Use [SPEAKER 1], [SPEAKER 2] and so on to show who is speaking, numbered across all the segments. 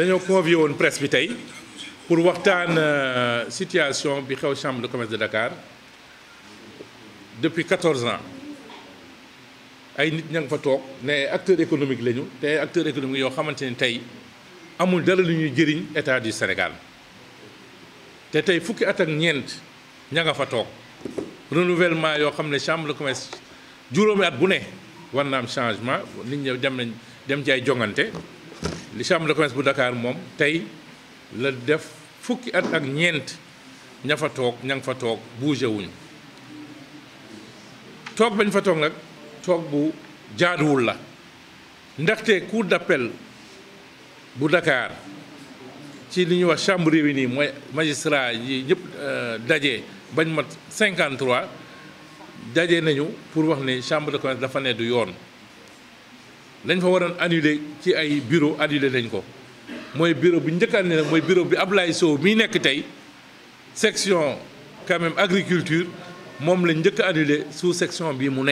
[SPEAKER 1] dañoo convié woon presse bi tey pour waxtaan euh, situation bi xew chambre de commerce de Dakar depuis 14 ans ay nit ña fa toog ne acteur économique lañu te ay acteur économique yoo xamante ni tey amul dara lu ñuy jëriñ état du Sénégal te tey fukki at ak ñeent ña nga fa toog renouvellement yoo xam ne chambre de commerce juróomi at bu ne war na am changement nit ñi dem nañ dem ci ay jongante li chambre de commerce bu Dakar moom tey la def fukki at ak ñeent ña fa toog ña nga fa toog bougé wuñu toog bañ fa toog nag toog bu jaaduwul la ndaxte cour d'appel bu Dakar ci li ñuy wax chambre nii mooy magistrat yi ñëpp euh, daje bañ mat 53 daje nañu pour wax ne chambre de commerce dafa ne du yoon lañ fa waroon annuler ci ay bureau annuler nañ ko moy bureau bi ñëkkal ne moy bureau bi Ablaye Sow mi nekk tay section quand même agriculture mom lañ ñëkk annulé sous section bi mu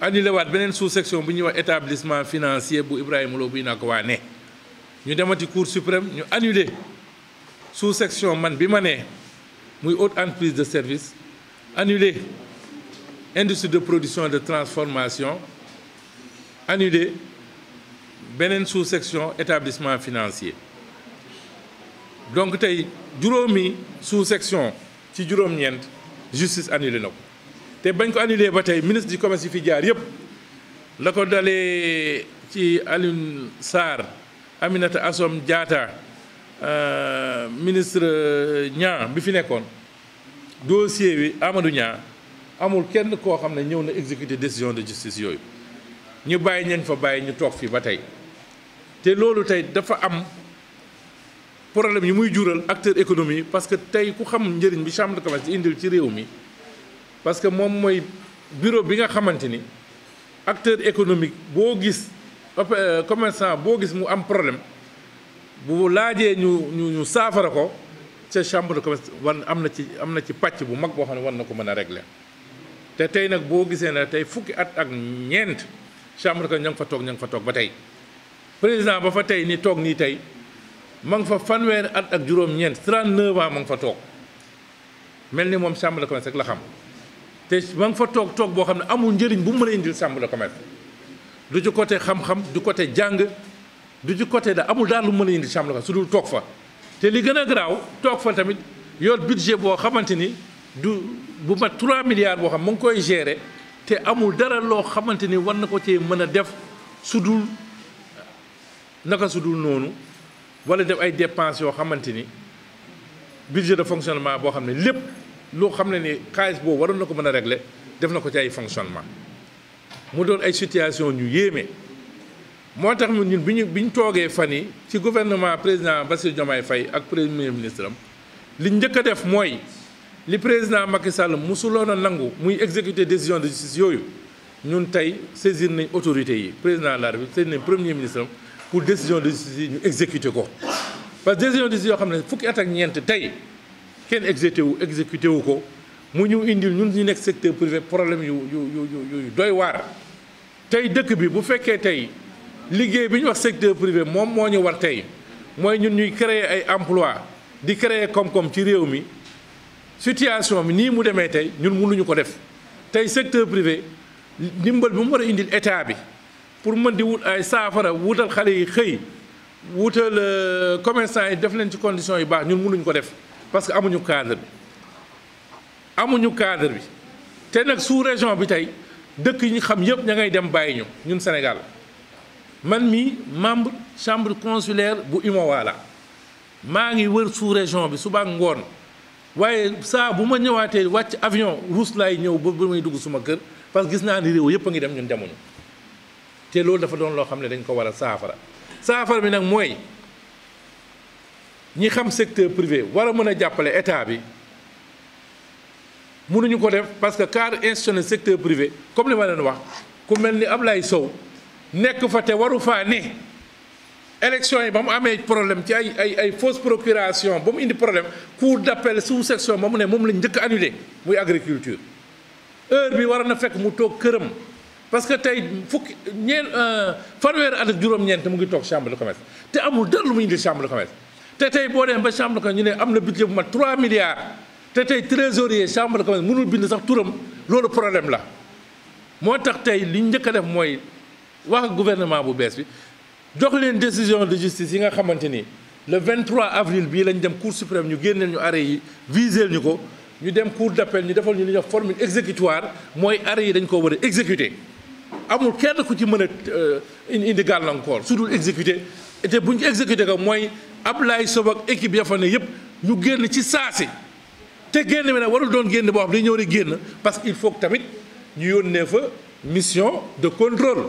[SPEAKER 1] annulé waat benen sous section bu ñu wax établissement financier bu Ibrahim Lo buy naa ko ne ñu demati cour suprême ñu annulé sous section man bi ma ne muy haute entreprise de service annulé industrie de production et de transformation annulée. beneen sous-section établissement financier donc tey une sous-section qui est annulée. justice annulé na ko te annulé ba ministre du commerce et du jaar yépp d'aller ko ci Alioune Sarr Aminata Assome euh, ministre Niang bi fi dossier Amadou amul kenn koo xam ne ñëw na exécuter décision de justice yooyu ñu bàyyi ñeen fa bàyyi ñu toog fii ba tey te loolu tey dafa am problème yi muy jural acteur économie parce que tey ku xam njëriñ bi chambre de commerce di indil ci réew mi parce que moom mooy bureau bi nga xamante ni acteur économique boo gis euh, commerçant boo gis mu am problème bu laajee ñu ñu ñu saafara ko ca chambre de commerce war am na ci am na ci pàcc bu mag boo xam ne war na ko mën a régler te tey nag boo gisee ne tey fukki at ak ñeent chambre que ña nga fa toog ña nga fa toog ba tey président ba fa tey ni toog nii tey ma nga fa fanweeri at ak juróom-ñeent 39 ans ma nga fa toog mel ni moom chambre de commerce rek la xam te ma nga fa toog toog boo xam ne amul njëriñ bu mu mën a indil chambre de commerce du ci côté xam-xam du côté jàng du ci côté da amul daal lu mën a indi chambre de commerce su dul toog fa te li gën a garaaw toog fa tamit yor budget boo xamante ni. du bu mat 3 milliards boo xam mu ngi koy gérer te amul dara loo xamante ni war na ko cee mën a def su dul naka su dul noonu wala def ay dépenses yoo xamante ni budget de fonctionnement boo xam ne lépp loo xam ne ni xaalis boobu waroon na ko mën a régler def na ko ci ay fonctionnement mu doon ay situation ñu yéeme moo tax ñun bi ñu bi ñu toogee fan yi ci gouvernement président Bassir Diomaye Faye ak premier ministre am li njëkk a def mooy. li président Macky Sall mosuloon a nangu muy exécuter décision de justice yooyu ñun tey saisir nañ autorité yi président de la République premier ministre pour décision de justice yi ñu exécuter ko. parce que décision de justice yoo xam ne fukki at ak ñeent tey kenn exécuté wu exécuté wu ko mu ñu indil ñun ñu nekk secteur privé problème yu yu yu yu doy waar. tey dëkk bi bu fekkee tey liggéey bi ñu wax secteur privé moom moo ñu war tey mooy ñun ñuy créer ay emploi di créer koom ci réew mi. situation ni mu demee tay ñun mënuñu ko def tay secteur privé ndimbal bu mu wara a indil état bi pour mën di wut ay saafara wutal xalé yi xey wutal euh, commerçant yi def leen ci condition yu baax ñun mënuñu ko def parce que amuñu cadre bi amuñu cadre bi té nak sous région bi tay dëkk yi ñu xam yëpp ña ngay dem bàyyi ñu ñun Sénégal man mii membre chambre consulaire bu UMOA la maa ngi wër sous région bi suba ngoon waaye saa bu ma ñëwaatee wàcc avion ruus laay ñëw ba ba may dugg suma kër parce que gis naa ni réew yëpp a ngi dem ñun demuñu te loolu dafa doon loo xam ne dañ ko war a saafara saafara bi nag mooy ñi xam secteur privé war a mën a jàppale état bi mënuñu ko def parce que cadre institutionnel secteur privé comme li ma leen wax ku mel ni Ablaye Sow nekk fa te waru faa ni élection bam amé problème ci ay ay ay fausse procuration bam indi problème cour d'appel sous section ba né mom moom lañ njëkk annulé muy agriculture heure bi war na fekk mu tok kërëm parce que tay fuk ñeen euh, fanweeri at ak juróom-ñeent mu ngi tok chambre de commerce té amul dara lu mu indi chambre de commerce té tay bo dem ba chambre de ñu né amna budget bu ma 3 milliards té tay trésorier chambre de commerce mënul bind sax turam lolu problème la motax tay li ñëk def moy wax gouvernement bu bees bi donc leen décision de justice yi nga xamante le 23 avril bii lañ dem cour suprême ñu génneel ñu arrêt yi visé ñu ko ñu dem cour d'appel ñu defal ñu li formule exécutoire moi arrêt yi dañ ko exécuter Amour, kenn est ci mën a euh, indi gàllankoor su dul exécuter Et bu exécuter ko moi Ablaye sur votre équipe ya fa ne yëpp ñu génn ci saasi te génn bi nag warul doon génn boo xam ne ñëw parce qu'il faut tamit ñu yónnee fa mission de contrôle.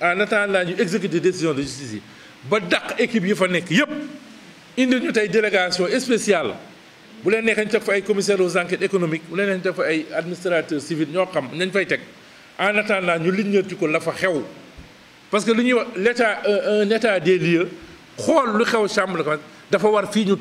[SPEAKER 1] en attendant ñu exécuter décision de justice yi ba dàq équipe yi fa nekk yépp indi ñu délégation spéciale bu leen neexee ñu fa ay commissaires aux enquêtes économiques bu leen neexee ñu civil fa ay administrateurs civils xam fay en attendant ñu liggéeyatu ko la fa xew parce que l'état euh, un état des lieux xool lu xew chambre de commerce dafa war fii ñu